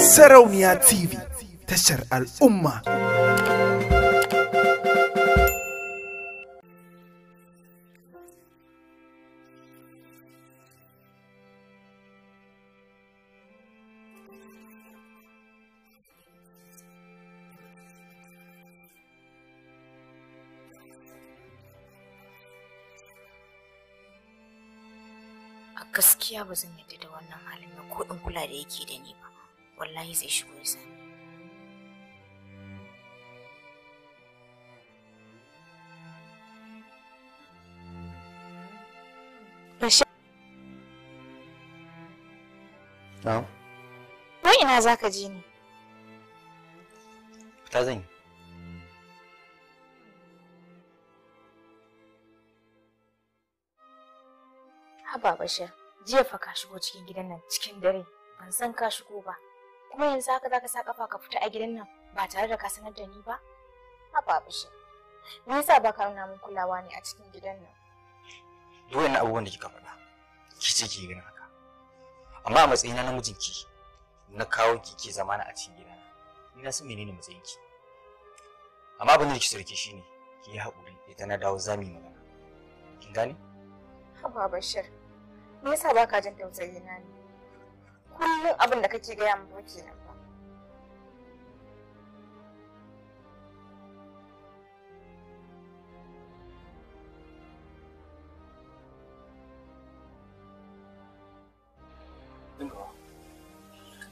Sarauniya TV tashar al'umma. gaskiya ba zan yadda da wannan halin na ko in kula da yake da ni ba wallahi zai shigo ya sani. Na'am. Wai ina za ka ji ni? Fita zan yi. Haba Bashir, jiya fa ka shigo cikin gidan nan cikin dare, ban san ka shigo ba. kuma yanzu haka zaka sa kafa ka fita a gidan nan ba tare da ka sanar da ni ba haba bishi me yasa ba ka nuna min kulawa ne a cikin gidan nan duk wani abubuwan da kika faɗa ki ce ki gina haka amma a matsayina na mijinki na kawo ki ke na a cikin gidana ni na san menene matsayinki amma abin da ki sarki shine ki yi haƙuri idan na dawo zami magana kin gane haba bashir me yasa ka jin tausayi na ne kullum abin da kake gaya mu kenan ba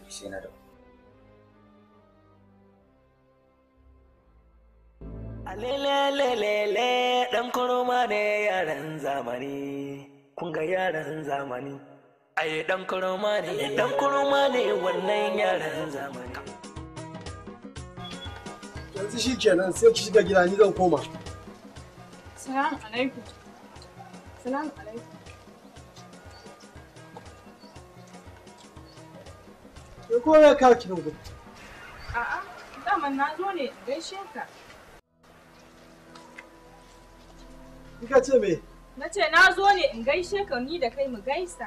sai da Alelelelele ɗan koroma ne yaran zamani, kun ga yaran zamani. ai dan kurma ne dan kurma ne wannan yaran zamani yanzu shi kenan sai ki shiga gida ni zan koma Salam alaikum salam alaikum ko ya ka ki nan gudu a'a daman na zo ne gaishe ka ka ce me? Na ce na zo ne in gaishe ka ni da kai mu gaisa.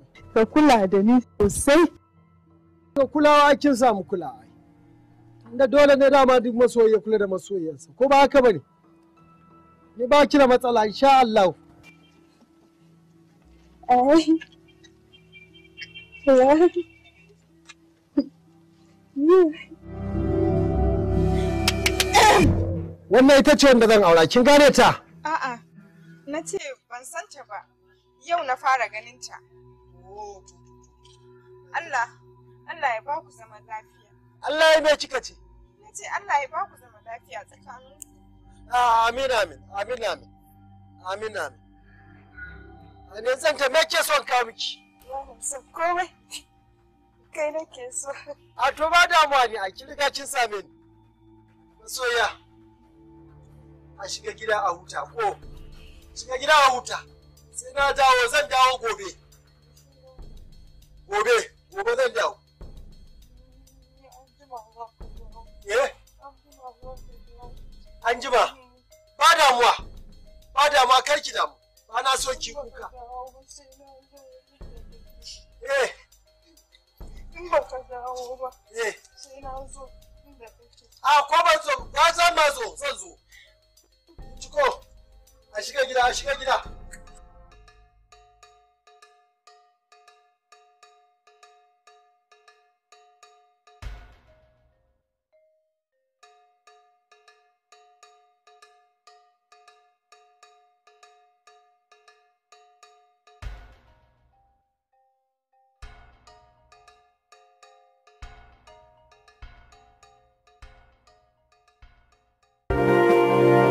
ka kula da ni sosai to kulawa kin samu kulawa da dole ne dama duk masoyi ya kula da masoyiyarsa ko ba haka bane ni ba ki da matsala insha Allah Wannan ita ce wanda zan aura, kin gane ta? A'a, na ce ban san ta ba, yau na fara ganin ta. Allah, Allah ya ba ku zaman lafiya. Allah ya mai kika ce. Na ce Allah ya ba ku zaman lafiya tsakanin. Ah, amin amin, amin amin, amin amin. A ne zan ta me ke son ka miki? Son komai. Kai ke so. A to ba damuwa ne a kin riga kin same ni. Masoya. A shiga gida a huta ko. Shiga gida a huta. Sai na dawo zan dawo gobe. gobe gobe zan dawo eh? an jima ba damuwa ba damuwa kar ki damu ba na so ki kuka eh in ba ka dawo ba eh sai na zo a ko ban zo ba zan ma zo zan zo ciko a shiga gida a shiga gida